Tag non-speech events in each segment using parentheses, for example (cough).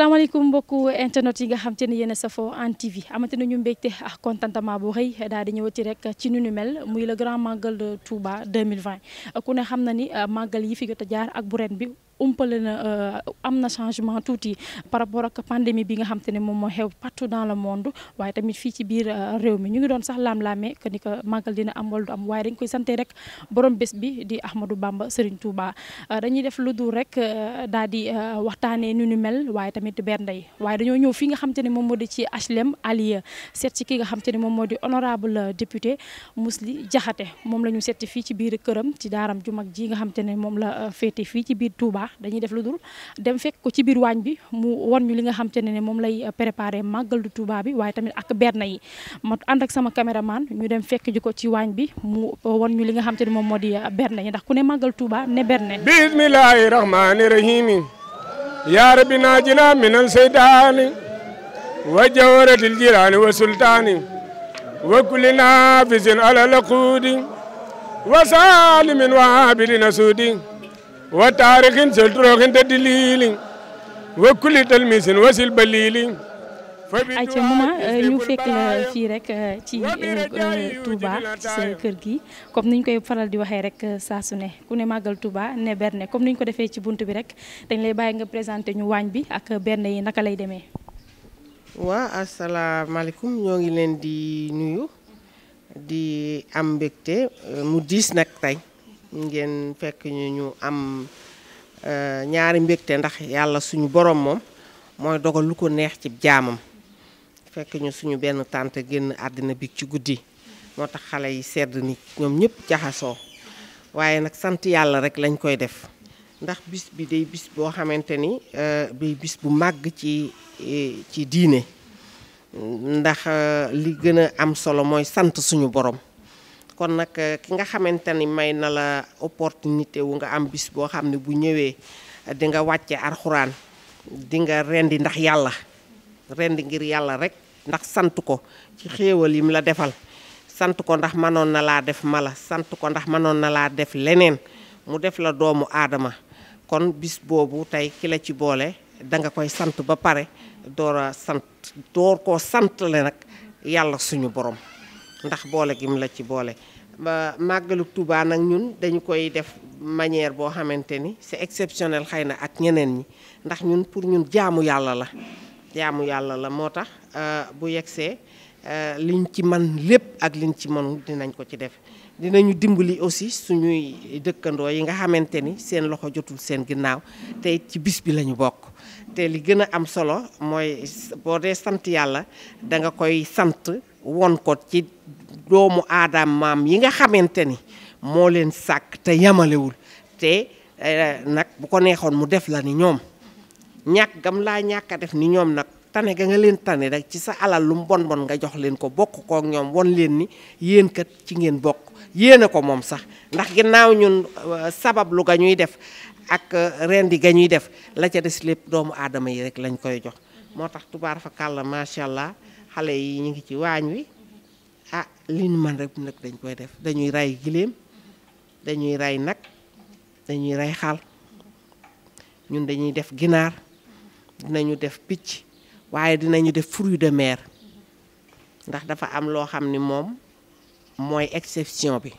salaamaaleykum mbokku internet yi nga xam te ne yéen a safoo Hann TV amate ñu mbégte ak contentement bu rëy daal di ñëwati rek ci nu nu mel muy le grand magal de Touba 2020 ku ne xam na ni euh, màggal yi fi jot a jaar ak bu bi. umpale na euh, am na changement tuuti par rapport ak pandémie bi nga xam te ne moom moo xew partout dans le monde waaye tamit fii ci biir euh, réew mi ñu ngi doon sax laam-laamee que ni màggal dina am wala du am waaye koy sante rek borom bés bi di Ahmadou Bamba Serigne Touba euh, dañuy def lu dul rek daal di waxtaanee nu ñu mel waaye tamit bernde yi waaye dañoo ñëw fii nga xam ne moom moo di ci HLM Alieu seet ki nga xam ne moom moo di honorable député Mously Diakhaté moom la ñu seet fii ci biir këram ci daaram ju mag ji nga xam te ne moom la féete fii ci biir Touba dañuy def lu dul dem fekk ko ci biir waañ bi mu won ñu li nga xam te ne ne moom lay préparé màggal du Touba bi waaye tamit ak berna yi ma ànd ak sama caméraman ñu dem fekk ji ko ci waañ bi mu won ñu li nga xam te ni moom moo di berna yi ndax ku ne màggal Touba ne berne bismillahi rahmani rahimi ya rabbi najina minal seytaani wa jawratil jiraani wa sultaani wa kulli naafisin ala laquudi wa saalimin wa abidina suudi wa taarixin sel turooxin te di liili wa kulli talmisin wasil ba liili ayca maman ñu fekk la fii rek euh, ci euh, Touba ci kër gi comme niñ koy faral di waxee rek euh, saa su ne ku ne màggal Touba ne berne comme niñ ko defee ci bunt bi rek dañ lay bàyyi nga présenté ñu waañ bi ak berne yi naka lay demee waa asalaamaaleykum ñoo ngi leen di nuyu di am mbégte mu diis nag tey ngeen fekk ñu ñu am euh, ñaari mbégte ndax yàlla suñu borom moom mooy dogal lu ko neex ci jaamam fekk ñu suñu benn tànt génn àddina bi ci guddi moo tax xale yi sedd ni ñoom ñëpp jaxasoo waaye nag sant yàlla rek lañ koy def ndax bis bi day bis boo xamante ni euh, day bis bu màgg ci e, ci diine ndax euh, li gën a am solo mooy sant suñu borom kon nag eh, ki nga xamante ni may na la opportunité wu nga am bis boo xam ne bu ñëwee eh, di nga wàcce alxuraan di nga rendi ndax yàlla rendi ngir yàlla rek ndax sant ko ci xéewal mu la defal sant ko ndax mënoon na laa def mala sant ko ndax mënoon na laa def leneen mu def la doomu aadama kon bis boobu tey ki la ci boole da nga koy sant ba pare door a sant door koo sant le nag yàlla suñu borom ndax boole gim la ci boole màggalu tubaa nag ñun dañu koy def manière boo xamante ni c'est exceptionnel xëy na ak ñeneen ñi ndax ñun pour ñun jaamu yàlla la jaamu yàlla la moo tax euh, bu yegsee euh, liñ ci man lépp ak liñ ci mënul dinañ ko ci def dinañu dimbali aussi suñuy dëkkandoo yi nga xamante ni seen loxo jotul seen ginnaaw tey ci bis bi lañu bokk te li gën a am solo mooy boo dee sant yàlla da nga koy sant won ko ci doomu aadam maam yi nga xamante ni moo leen sàkk te yamalewul te eh, nag bu ko neexoon mu def la ni ñoom ñàkk gam laa ñàkk a def ni ñoom nag tane ga nga leen tane rek ci sa alal lu mu bon bon nga jox leen ko bokk kook ñoom won leen ni yéen ci ngeen bokk yéen ko moom sax ndax ginnaaw ñun eh, sabab lu ga ñuy def ak eh, rendi ga ñuy def la ca des lépp doomu aadama yi rek lañ koy jox moo tax tubaar fa kàlla macha allah. xale yi ñu ngi ci waañ wi ah li ñu mën rek nag dañ koy def dañuy rey giléem dañuy rey nag dañuy rey xal ñun dañuy def ginaar dinañu def picc waaye dinañu def fruits de mer ndax dafa am loo xam ni moom mooy exception bi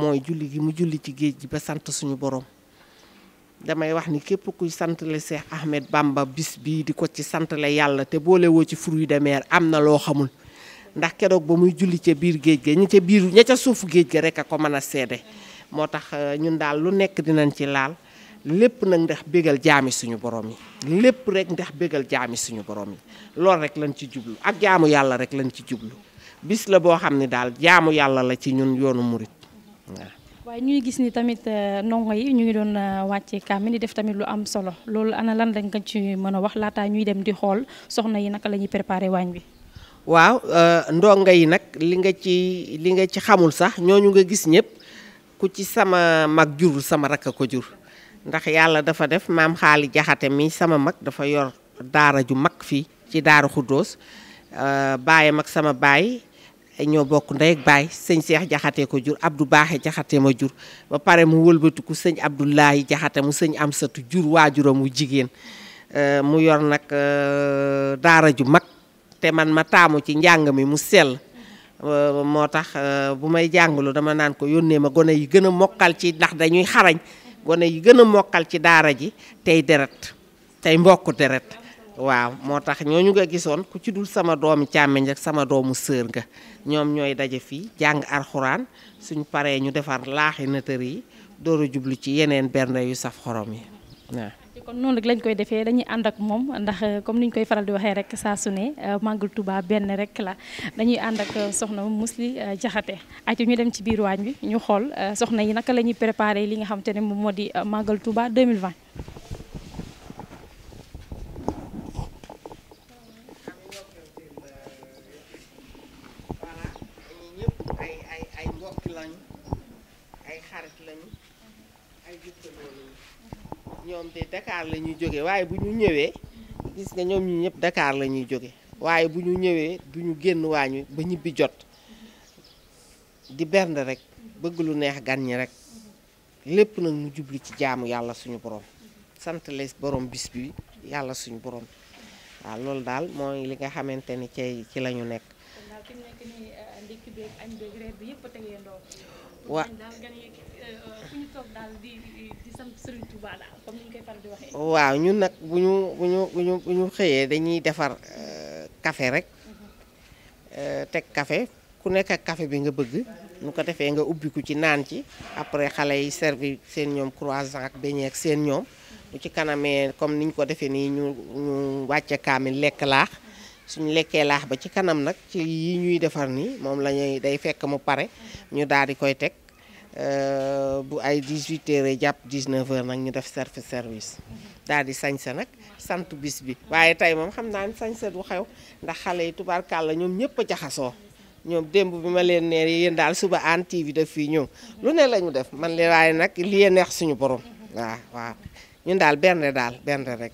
mooy julli gi mu julli ci géej gi ba sant suñu borom damay wax ni képp kuy santale Cheikh Ahmed bàmba bis bii di ko ci santale yàlla te boolewoo ci fur yu mer am na loo xamul ndax keroog ba muy julli ca biir géej ga ñu ca biir ña ca suufu géej ga rek a ko mën a seede moo tax euh, ñun daal lu nekk dinañ ci laal lépp nag ndax bégal jaami suñu borom yi lépp rek ndax bégal jaami suñu borom yi loolu rek lañ ci jublu ak jaamu yàlla rek lañ ci jublu bis la boo xam ne daal jaamu yàlla la ci ñun yoonu murit waaw waaye ñuy gis ni tamit euh, ndongo yi ñu ngi doon euh, wàcce kaamil ni def tamit lu am solo loolu ana lan lañ ko ci mën a wax laataa ñuy dem di xool soxna yi naka la ñuy préparé waañ bi. waaw euh, ndongo yi nag li nga ci li nga ci xamul sax ñooñu nga gis ñëpp ku ci sama mag jurul sama rakk ko jur ndax yàlla dafa def maam xaali jaxate mi sama mag dafa yor daara ju mag fii ci daara xuddoos baayam ak sama baay. ñoo bokk ndey ak baay sëñ Cheikh Jaxate ko jur Abdou Baaxe Jaxate ma jur ba pare mu wëlbatiku sëñ Abdoulaye Jaxate mu sëñ Amsatu jur waajuram mu jigéen euh, mu yor nag euh, daara ju mag te man ma taamu ci njàng mi mu sell euh, moo tax bu may jàngalu dama naan ko yónnee ma gone yi gën a mokkal ci ndax dañuy xarañ gone yi gën a mokkal ci daara ji tey deret tey mbokk deret waaw moo tax ñooñu nga gisoon ku ci dul sama doomi càmmiñ rek sama doomu sër nga ñoom ñooy daje fii jàng arxuraan suñ paree ñu defar laaxi nëtër yi door a jublu ci yeneen berne yu saf xorom yi waaw. kon noonu rek lañ koy defee dañuy ànd ak moom ndax euh, comme ni ñu koy faral di waxee rek saa su ne euh, màggal Tuuba benn rek la dañuy ànd ak euh, soxna Mously Diakhaté ayca ñu dem ci biir waañ bi ñu xool soxna yi naka la ñuy préparé li nga xam te ne moom moo di màggal Tuuba 2020. xarit lañu ñoom de Dakar la ñuy jóge waaye bu ñu ñëwee gis nga ñoom ñu ñëpp dakaar la ñuy jóge waaye bu ñu ñëwee du ñu génn waañu ba ñibbi jot di bernd rek bëgg lu neex gan ñi rek lépp nag mu jublu ci jaamu yàlla suñu boroom sant les borom bis bi yàlla suñu boroom waaw loolu daal mooy li nga xamante ni ci ci lañu nekk. Euh, waaw waaw nag bu ñu bu ñu bu ñu xëyee dañuy defar kafe euh, rek mhm. euh, teg kafe ku nekk kafe bi nga bëgg nu ko defee nga ubbiku ci naan ci après xale yi servi seen ñoom croissant ak beignet ak seen ñoom lu mhm. ci kanamee comme niñ ko defee nii ñu ñu wàcce kaamil lekk laax suñ lekkee laax ba ci kanam nag ci yi ñuy defar nii moom la day fekk mu pare ñu daal di koy teg euh, bu ay 18 heures jàpp 19 heures nag ñu def service service daal di sañse nag sant bis bi waaye tey moom xam naa ne sañse du xew ndax xale yi la ñoom ñëpp a jaxasoo ñoom démb bi ma leen nee yéen daal suba Hann TV fii ñëw lu ne la ñu def man li waaye nag li neex suñu borom waaw waaw ñun daal benn daal benn rek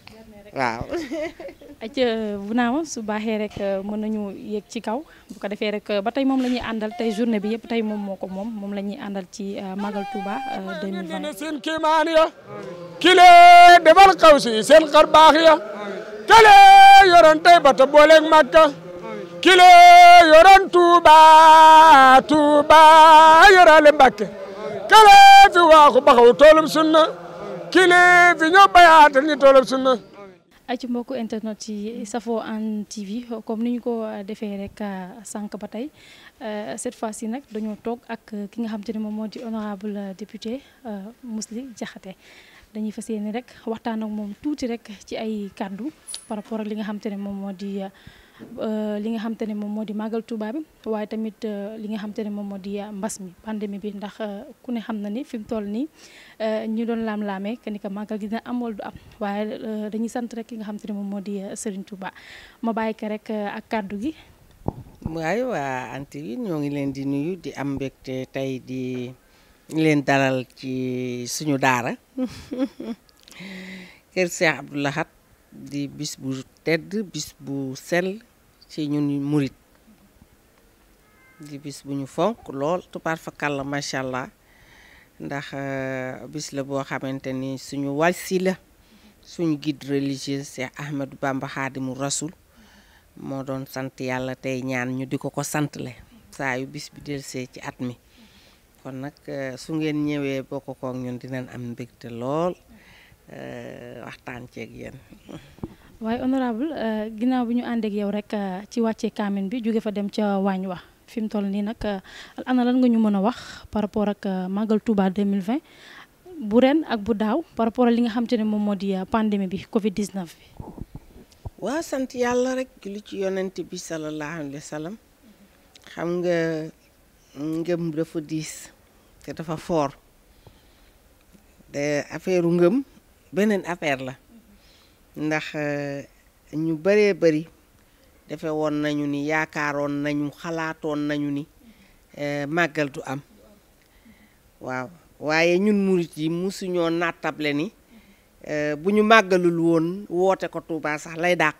waaw (laughs) acca bu naama su baaxee rek euh, mën nañu yéeg ci kaw bu ko defee rek euh, ba tey moom la ñuy àndal tey journée bi yëpp tey moom moo ko moom moom la ñuy àndal ci euh, Magal Touba 2020 seen kiimaan ya kile defal xaw si seen xar baax ya kale yoroon tey bata booleeg Makka kile yoroon Touba Touba yoraale Mbàkke kale fi waaxu baxaw toolum sunna kile fi ñoo bayaatal ñi toolum sunna ci mbokku internet yi safoo en TV comme ni ñu ko euh, defee rek euh, sànq ba tey euh, cette fois ci nag dañoo toog ak ki nga xam te ne moom moo di honorable député Mously Diakhaté dañuy fas yéene rek waxtaan ak moom tuuti rek ci ay kàddu par rapport ak li nga xam te ne moom moo di. Euh, li nga xam ne moom moo di màggal Touba bi waaye tamit euh, li nga xam te ne moom moo di euh, mbas mi pandémie bi ndax ku ne xam na ni fi mu toll nii ñu doon laam-laamee que ni màggal gi dina am du am waaye dañuy sant rek ki nga xam te ne moom moo di Serigne Touba ma bàyyi ko rek ak kàddu gi. waaye waa anti yi ñoo ngi leen di nuyu di am mbégte tey di leen dalal ci suñu daara (laughs) kër Cheikh Abdou Lahad di bis bu tedd bis bu sell ci ñun murit di bis bu ñu fonk lool tubaar fa kàlla macha allah ndax euh, bis la boo xamante ni suñu wasila suñu guide religieux Cheikh Ahmadou Bamba Xaadimu Rasul moo doon sant yàlla tey ñaan ñu di ko ko santle saa yu bis bi delsee ci at mi kon nag euh, su ngeen ñëwee bokk kook ñun dinañ am mbégte lool euh, waxtaan ceeg yéen (laughs) waaye honorable euh, ginnaaw bi ñu àndeek ak yow rek euh, ci wàccee kaamin bi jóge fa dem ca waañ wa fi mu toll nii nag euh, ana lan nga ñu mën a wax par rapport ak màggal Touba 2020 bu ren ak bu daaw par rapport ak li nga xam te ne moom moo di pandémie bi Covid 19 bi. waa sant yàlla rek li ci yonent bi sallallahu alayhi wa xam nga ngëm dafa diis te dafa foor te affaire ngëm beneen affaire la. ndax euh, ñu bëree bari defe woon nañu ni yaakaaroon nañu xalaatoon nañu ni euh, màggal du am waaw waaye ñun murit yi musuñoo nattable ni euh, bu ñu màggalul woon woote ko Touba sax lay dàq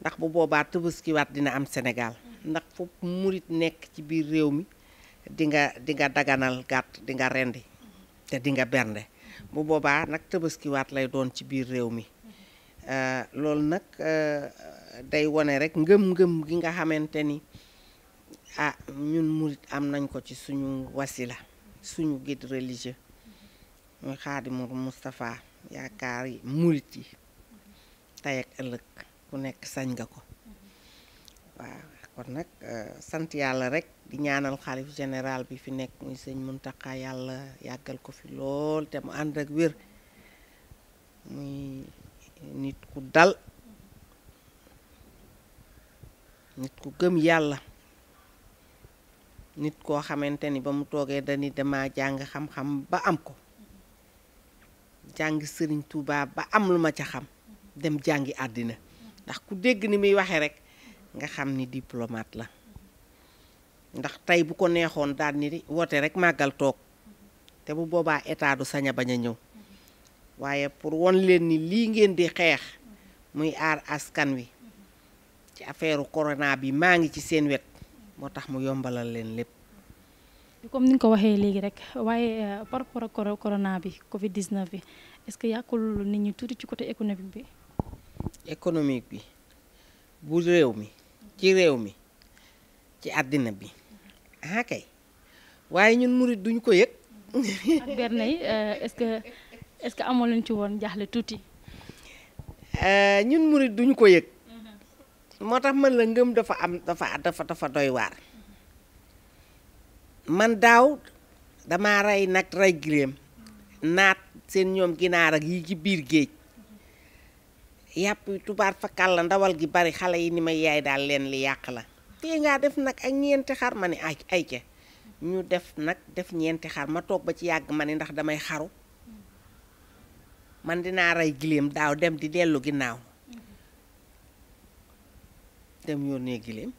ndax bu boobaa tëbaskiwaat dina am Sénégal ndax foop murit nekk ci biir réew mi di nga di nga daganal gàtt di nga rendi te di nga bernde bu boobaa nag tëbaskiwaat lay doon ci biir réew mi Euh, loolu nag euh, day wone rek ngëm-ngëm gi nga xamante ni ah ñun murit am nañ ko ci suñu wasila suñu guide religieux muy xaadimul Moustapha yaakaar yi murit yi tey ak ëllëg ku nekk sañ nga ko waaw kon nag euh, sant yàlla rek di ñaanal xalif général bi fi nekk muy sëñ mun Muntaxa yàlla yàggal ko fi lool te mu ànd ak wér muy nit ku dal nit ku gëm yàlla nit koo xamante ni ba mu toogee dani dama jàng xam-xam ba am ko jàng sëriñ Tuubaa ba am lu ma ca xam dem jàngi àddina ndax ku dégg ni muy waxee rek nga xam ni diplomate la ndax tey bu ko neexoon daal ni woote rek màggal toog te bu boobaa état du sañ bañ a ñëw waaye pour won leen ni lii ngeen di xeex muy aar askan wi ci affaire corona bi maa ngi ci seen wet moo tax mu yombalal leen lépp. comme ni nga ko waxee léegi rek waaye euh, par rapport ak corona bi Covid 19 bi est-ce que yàqul nit ñi tuuti ci côté économique bi. économique bi bu réew mi ci réew mi ci àddina bi ah kay waaye ñun murit duñ ko yëg. ak yi euh, est est-ce que amoo leen ci woon jaaxle tuuti. Euh, ñun murit duñu ko yëg. Mm-hmm. moo tax man la ngëm dafa am dafa dafa dafa doy waar. man daaw dama rey nag rey giléem mm-hmm. naat seen ñoom ginaar ak yi ci biir géej mm-hmm. yàpp tubaar fakal la ndawal gi bari xale yi ni may yaay daal leen li yàq la tee ngaa def nag ak ñeenti xar ma ni ay ay ca ñu def nag def ñeenti xar ma toog ba ci yàgg ma ni ndax damay xaru man dinaa rey giléem daaw dem di dellu ginnaaw dem yónnee giléem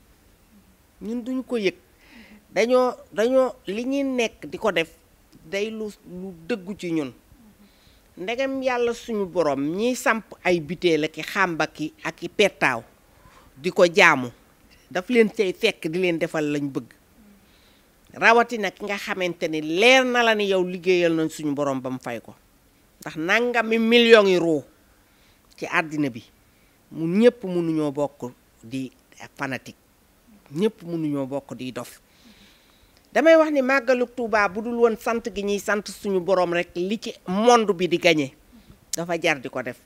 ñun duñ ko yëg dañoo dañoo li ñuy nekk di ko def day lu lu dëggu ci ñun ndegem yàlla suñu borom ñi samp ay biteel ak i xàmbaki ak i pettaaw di ko jaamu daf leen cay fekk di leen defal lañ bëgg rawatina ki nga xamante ni leer na la ni yow liggéeyal nañ suñu borom ba mu fay ko ndax nangami million yi ruu ci àddina bi mu ñëpp mënuñoo bokk di fanatique ñëpp mënuñoo bokk di dof damay wax ni màggalu Tuubaa bu dul woon sant gi ñuy sant suñu boroom rek li ci monde bi di gagné dafa jar di ko def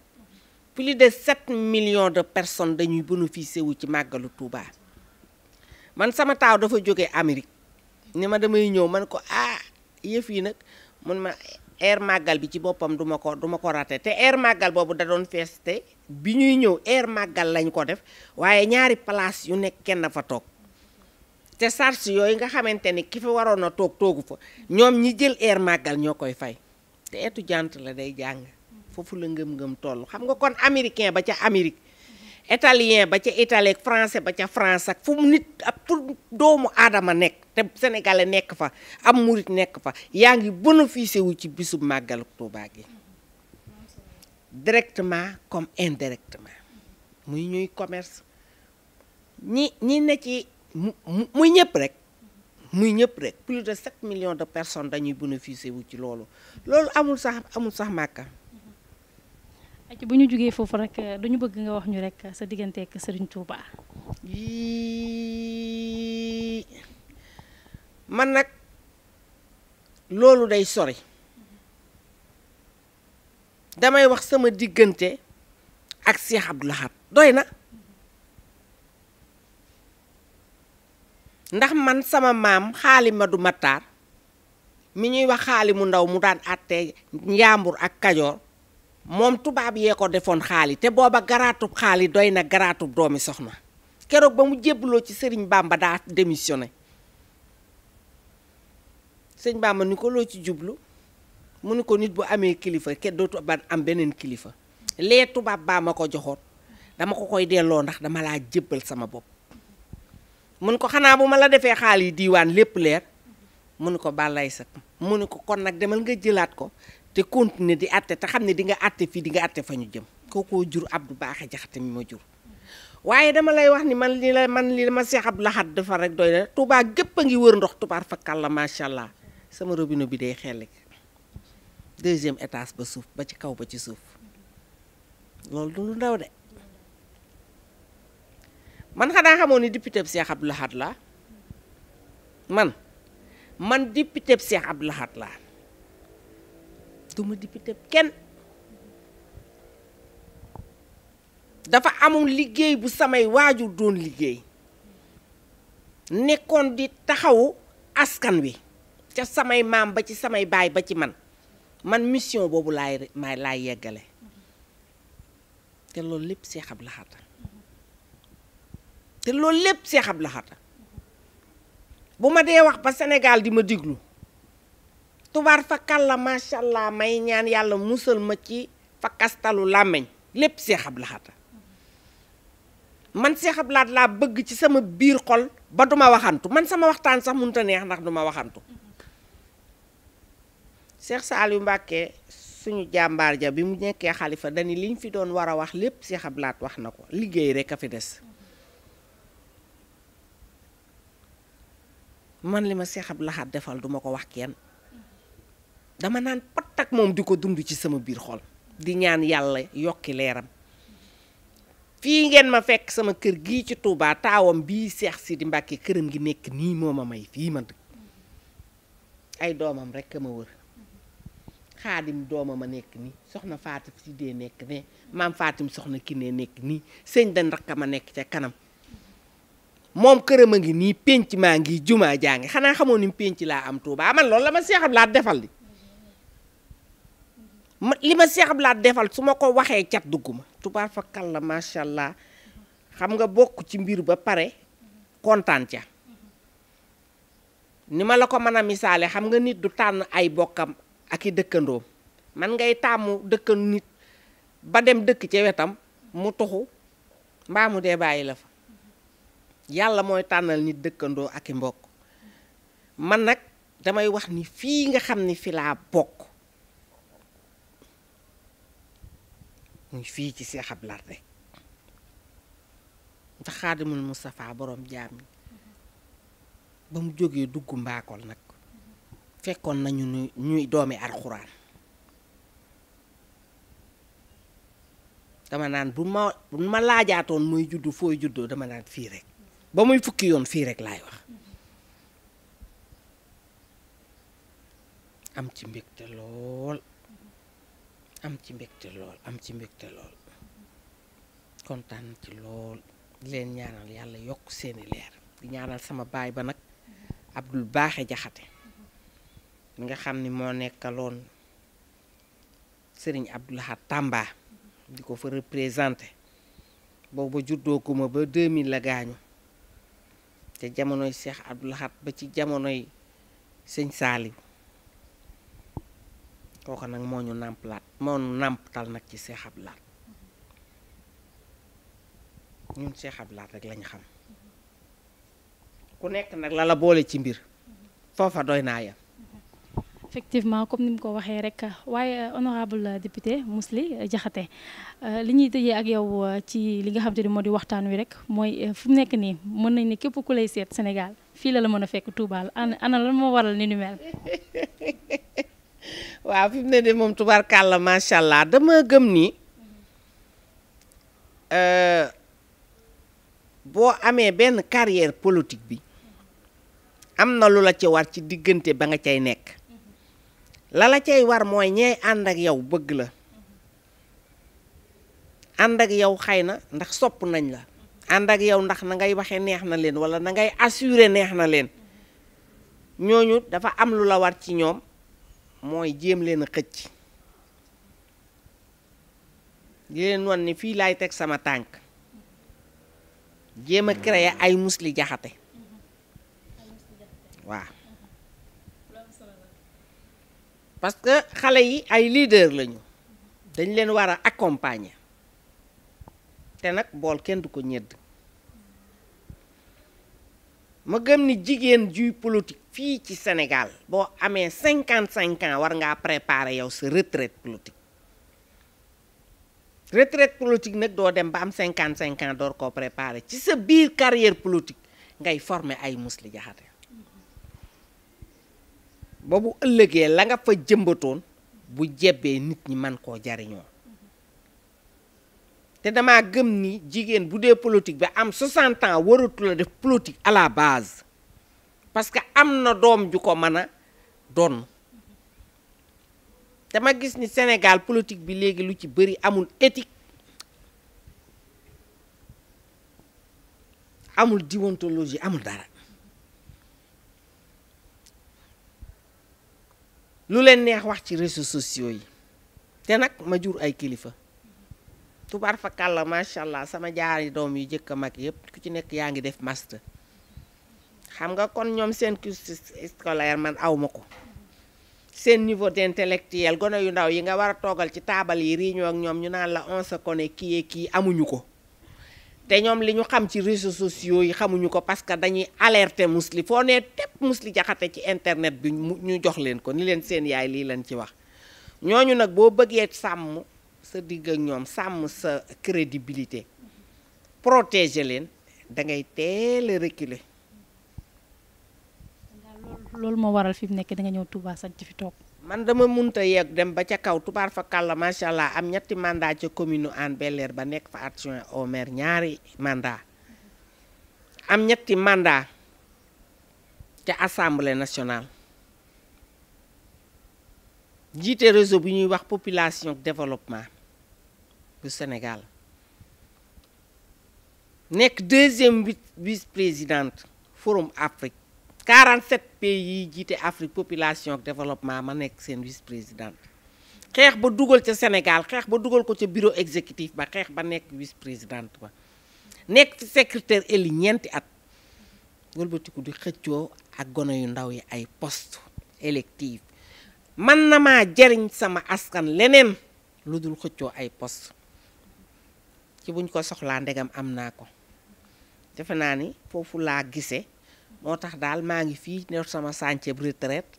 plus de 7 million de personnes dañuy bénéficier wu ci màggalu Tuubaa man sama taaw dafa jóge Amérique ni ma damay ñëw man ko ah yëf yi nag mun ma air màggal bi ci boppam duma ko du ko raté te air màggal boobu da doon feeste bi ñuy ñëw air màggal lañ ko def waaye ñaari place yu nekk kenn fa toog te charge yooyu nga xamante ni ki fi waroon a toog toogu fa ñoom ñi jël air màggal ñoo koy fay te étudiante la day jàng foofu la ngëm-ngëm toll xam nga kon américain ba ca Amérique italien ba ca italien ak français ba ca France fu mu nit ab fu doomu aadama nekk te sénégalais nekk fa am murit nekk fa yaa ngi bénéficié wu ci bisu màggal Tuubaa gi directement comme indirectement muy ñuy commerce ñi ñi ne ci muy ñëpp rek muy ñëpp rek plus de 7 million de personnes dañuy bénéficié wu ci loolu loolu amul sax amul sax màkka ci bu ñu jógee foofu rek euh, dañu bëgg nga wax ñu rek euh, sa diggante ak Serigne Touba. man nag loolu day sori damay wax sama diggante ak Cheikh Abdou Lahad doy na ndax man sama maam xaali ma du Matar mi ñuy wax xaali mu ndaw mu daan àttee Njàmbur ak Kajoor. moom tubaab yee ko defoon xaali te booba garaatub xaali doy na garaatub doomi soxna keroog ba mu jébbaloo ci sëriñ Bamba daa démissionné sëriñ Bamba ni ko loo ci jublu mu ni ko nit bu amee kilifa ke dootu ba am beneen kilifa lee tubaab baa ma ko joxoon dama ko koy delloo ndax dama laa jébbal sama bopp mun ko xanaa bu ma la defee xaal yi diiwaan lépp leer mu ni ko bàllaay sa mu ni ko kon nag demal nga jëlaat ko te continuer di àtte te xam ne di nga àtte fii di nga àtte fa ñu jëm kookoo jur Abdou Baaxe Jaxate mi ma jur waaye dama lay wax ni man li la man li ma Seex Abdou laxat dafa rek doy na gépp a ngi wër ndox tubaar fakkal la macha allah sama robinet bi day xelli deuxième étage ba suuf ba ci kaw ba ci suuf loolu lu ndaw de man xanaa xamoon ni député bu Seex Abdou Lahad la man man député bu Seex Abdou Lahad la duma député kenn dafa amoon liggéey bu samay waajur doon liggéey nekkoon di taxawu askan wi ca samay maam ba ci samay baay ba ci man man mission boobu laay ma laay yeggale te loolu lépp Seex Abdu te loolu lépp seexab Abdu bu ma dee wax ba Sénégal di ma diglu tubaar fa kàlla macha allah may ñaan yàlla musal ma ci fa làmmiñ lépp seexab Abdu man seexab Abdu Lahat laa bëgg ci sama biir xol ba duma waxantu man sama waxtaan sax mënut a neex ndax duma waxantu Seex Saaliw Mbàkke suñu jàmbaar ja bi mu nekkee xalifa dani liñ fi doon war a wax lépp Seex Abdu wax na ko liggéey rek a fi des man li ma Seex laxat Lahat defal duma ko wax kenn dama naan pat ak moom di ko dund ci sama biir xol di ñaan yàlla yokki leeram fii ngeen ma fekk sama kër gii ci Touba taawam bii Seex Sidi Mbàkke këram gi nekk nii moo ma may fii ma dëkk ay doomam rekk ma wër xaadim doomam a nekk nii soxna Fatim Sidee ne maam Fatim soxna Kiné nekk nii sëñ da ndakka ma nekk ca kanam moom këram a ngi nii pénc maa ngi jumaa jaa ngi xanaa xamoo ni pénc laa am Touba man loolu la ma seexam laa defal li ma li ma Cheikh laa defal su ma ko waxee cat dugg ma tubaab fa kal la macha allah xam nga bokk ci mbir ba pare kontaan ca ni ma la ko mën a misaale xam nga nit du tànn ay bokkam ak i dëkkandoom man ngay tàmmu dëkkan nit ba dem dëkk ca wetam mu tuxu mbaa mu bàyyi la fa yàlla mooy tànnal nit dëkkandoo ak i mbokk man nag damay wax ni fii nga xam ni fi laa bokk muy fii ci Cheikh Abdou Lahat ndax xaadimul Moustapha borom jaam yi ba mu jógee dugg mbaakool nag fekkoon nañu ñuy doomi alxuraan dama naan bu ma bu ma laajaatoon muy juddu fooy juddoo dama naan fii rek ba muy fukki yoon fii rek laay wax am ci mbégte lool am ci mbégte lool am ci mbégte lool kontaan ci lool leen ñaanal yàlla yokk seeni leer di ñaanal sama baay ba nag Abdul Baaxe Jaxate mi nga xam ni moo nekkaloon Sëriñ Abdou Lahad Tamba di ko fa représenté boobu ba juddoo ko ma ba 2000 la gaañu te jamonoy Cheikh Abdou Lahad ba ci jamonoy sëñ Saaliw kooku nag moo ñu nàmp laat moo nàmp nàmpatal nag ci Seex Abdu Lahat ñun Seex Abdu rek lañ xam ku nekk nag la la boole ci mbir foofa doy naa yem effectivement comme ni mu ko waxee rek waaye honorable député Mously Diakhaté euh, li ñuy tëjee ak yow euh, ci li nga xam te ni moo di waxtaan wi rek mooy euh, fu nekk nii mën nañ ni képp ku lay seet Sénégal fii la la mën a fekk Touba ana lan moo waral ni nu mel (laughs) waaw fi mu ne de moom tubaarkàlla macha allah dama gëm ni euh, boo amee benn carrière politique bi am na lu la ci war ci diggante ba nga cay nekk la la cay war mooy ñey ànd ak yow bëgg la ànd ak yow xëy na ndax sopp nañ la ànd ak yow ndax na ngay waxee neex na leen wala na ngay assurer neex na leen ñooñu dafa am lu la war ci ñoom mooy jéem leen a xëcc di leen wan ni fii laay teg sama tànk jéem a créer ay musli jaxate waaw parce que xale yi ay leader lañu dañ leen war a accompagner te nag bool kenn du ko ñedd ma gëm ni jigéen juy politique fii ci Sénégal boo amee cinquante cinq ans war ngaa préparer yow sa retraite politique retraite politique nag doo dem ba am cinquante cinq ans door koo préparer ci sa biir carrière politique ngay former ay Mously Diakhaté ba ëllëgee la nga fa jëmbatoon bu jebbee nit ñi man koo jariñoo te dama gëm ni jigéen bu dee politique bi am 60 ans waratu la def politique à la baase parce que am na doom ju ko mën a doon dama gis ni Sénégal politique bi léegi lu ci bëri amul éthique amul déontologie amul dara lu leen neex wax ci réseaux sociaux yi te nag ma jur ay kilifa tubaar fa kàlla macha allah sama jaari doom yu jëkk mag yëpp ku ci nekk yaa ngi def master xam nga kon ñoom seen cursus scolaire man aw ma ko seen niveau d'intellectuel gone yu ndaw yi nga war a toogal ci taabal yi réunion ak ñoom ñu naan la on se connaît kii kii amuñu ko te ñoom li ñu xam ci réseaux sociaux yi xamuñu ko parce que dañuy alerter musli foo nee tepp musli jaxate ci internet bi ñu jox leen ko ni leen seen yaay lii leen ci wax ñooñu nag boo bëggee sàmm sa digg ak ñoom sàmm sa crédibilité protéger leen da ngay teel a loolu moo waral fi mu nekkee danga ñëw Touba sax ci fi toog. man dama munta yegg dem ba ca kaw tubaar fa kàlla macha allah am ñetti mandat ca commune Hann bel ba nekk fa adjoint au maire ñaari mandat am ñetti mandat ca assemblée nationale jiite réseau bi ñuy wax population développement bu Sénégal nekk deuxième vice présidente forum Afrique 47 pays yi jiite Afrique population ak développement ma nekk seen vice présidente xeex ba dugal ca Sénégal xeex ba dugal ko ca bureau exécutif ba xeex ba nekk vice présidente ba nekk ci secrétaire éli ñeenti at wëlbatiku di xëccoo ak gone yu ndaw yi ay post élective man na maa jariñ sama askan leneen lu dul xëccoo ay post ci buñ ko soxlaa ndegam am naa ko defe naa ni foofu laa gise moo tax daal maa ngi fii ne sama sànceeb retraite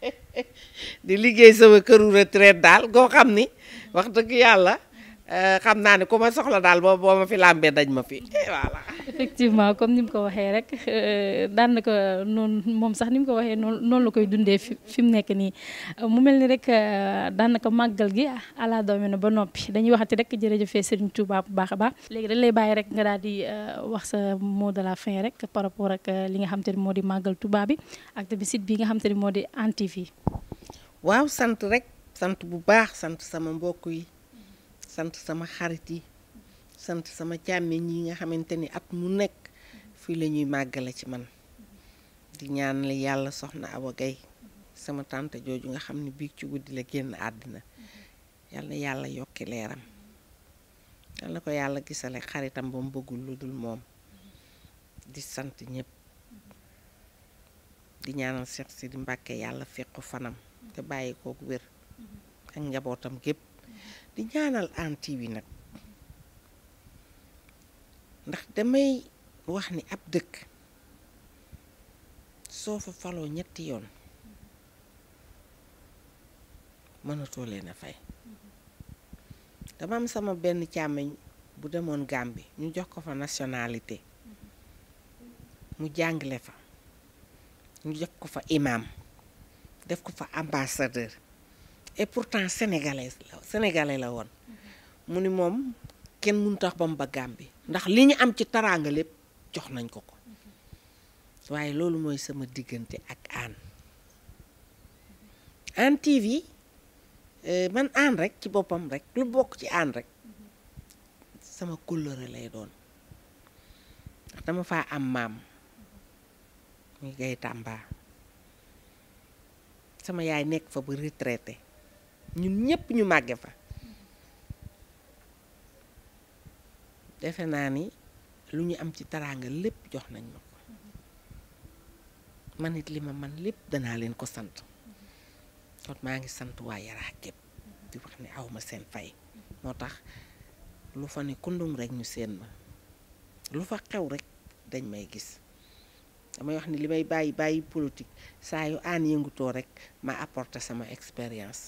(laughs) di liggéey sama këru retraite daal goo xam ni wax dëgg yàlla eh, xam naa ne ku ma soxla daal boo boo ma fi làmbee dañ ma fi (laughs) effectivement comme ni mu ko waxee rek euh, daan na ko noonu moom sax ni mu ko waxee noonu noonu la koy dundee fi fi mu nekk nii mu mel ni rek euh, daan na màggal gi ala ah, doome na ba noppi dañuy waxati rek jërëjëfee Serigne Touba bu baax baax léegi dañ lay bàyyi rek nga daal di euh, wax sa mot de la fin rek par rapport ak li nga xam te ne moo di màggal Touba bi ak tamit bii bi nga xam te ne moo di Hann TV waaw sant rek sant bu baax sant sama mbokk yi sant sama xarit yi sant sama càmmiñ yi nga xamante ni at mu nekk fii la ñuy màggale ci man di ñaanal yàlla soxna Awa Gaye sama tante jooju nga xam ne biig ci guddi la génn àddina yàlla yàlla yokki leeram yàlla ko yàlla gisale xaritam ba bëggul lu dul moom di sant ñëpp di ñaanal Cheikh Sidi Mbàkke yàlla fekku fanam te bàyyi kook wér ak njabootam gépp di ñaanal anti nag ndax damay wax ni ab dëkk soo fa faloo ñetti yoon mënatoo leen a fay dama am sama benn càmmiñ bu demoon Gàmbi ñu jox ko fa nationalité mu jàngale fa ñu jox ko fa imaam def ko fa ambassadeur et pourtant sénégalais la sénégalais la woon mu ni moom kenn munu tax ba mu ba Gàmbi ndax li ñu am ci taraanga lépp jox nañ ko ko waaye loolu mooy sama diggante ak Hann Hann TV euh, man Hann rek ci boppam rek lu bokk ci Hann rek sama kóllëre lay doon ndax dama faa am maam muy gay tàmba sama yaay nekk fa bu retraité ñun ñépp ñu màgge fa defe naa ni lu ñu am ci taraanga lépp jox nañ ma ko man it li ma man lépp danaa leen ko sant sot maa ngi sant waa Yaraax gépp di wax ne awma seen fay moo tax lu fa ne kundum rek ñu seen ma lu fa xew rek dañ may gis damay wax ni li may bàyyi bàyyi politique saa yu aan yëngutoo rek ma apporte sama expérience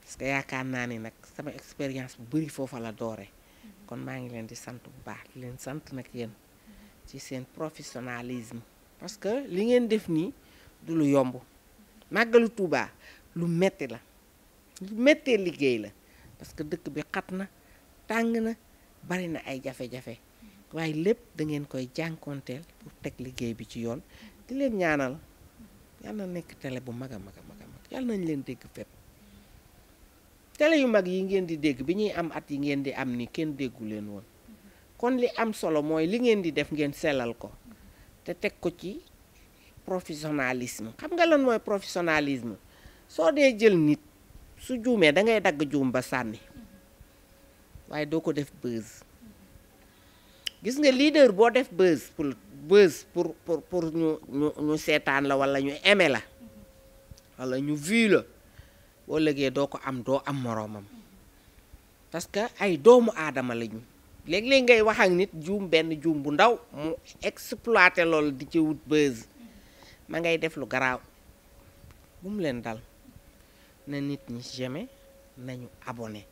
parce que yaakaar naa ni nag sama expérience bu bari foofa la doore kon maa ngi leen di sant bu baax di leen sant nag yéen ci seen professionnalisme parce que li ngeen def nii du lu yomb màggalu Touba lu metti la lu mettee liggéey la parce que dëkk bi xat na tàng na bari na ay jafe-jafe waaye lépp dangeen koy jànkoonteel pour teg liggéey bi ci yoon di leen ñaanal yàlla na nekk télé bu mag a mag a mag yàlla nañ leen dégg fépp tele yu mag yi ngeen di dégg bi ñuy am at yi ngeen di am ni kenn déggu leen woon kon li am solo mooy li ngeen di def ngeen sellal ko te teg ko ci professionnalisme xam nga lan mooy professionnalisme soo dee jël nit su juumee da ngay dagg juum ba sànni waaye doo ko def buzz gis nga liider boo def buzz pour pour pour pour ñu ñu ñu seetaan la wala ñu aimé la wala ñu vu la. boo lëgee doo ko am doo am moroomam parce que ay doomu aadama lañu léeg-léeg ngay wax ak nit juum benn juum bu ndaw mu exploité loolu di ci wut buzz ma ngay def lu garaaw bu mu leen dal na nit ñi jamais nañu abonné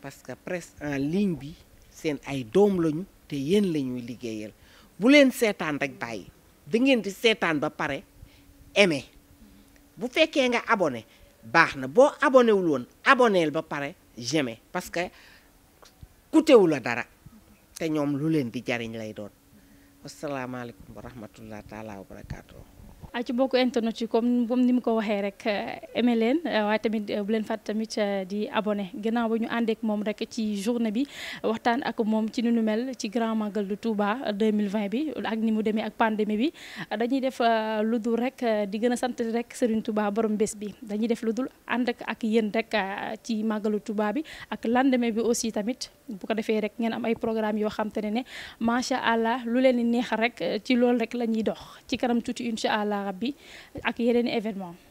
parce que presse en ligne bi seen ay doom lañu te yéen lañuy liggéeyal bu leen seetaan rek bàyyi da di seetaan ba pare aimé bu fekkee nga abonné baax na boo abonné wul woon aboneel ba pare j'aime parce que coûté wu dara te ñoom lu leen di jariñ lay doon wasalaamaaleykum wa rahmatullah taala wa barakaatu a ci bokk internet yi comme comme ni mu ko waxee rek euh, aimé leen euh, waaye tamit euh, bu leen fàtte tamit di abone gannaaw ba ñu àndeek moom rek ci journée bi waxtaan ak moom ci ni nu mel ci grand magal de Touba 2020 bi ak ni mu demee ak pandémie bi dañuy def lu dul rek di gën a sant rek Serigne Touba borom bés bi dañuy def lu dul ànd ak yéen rek ci magalu Touba bi ak lendemain bi aussi tamit bu ko defee rek ngeen am ay programme yoo xam te ne ne macha allah lu leen di neex rek ci loolu rek la ñuy dox ci kanam tuuti incha allah taala rabbi ak yeneen événement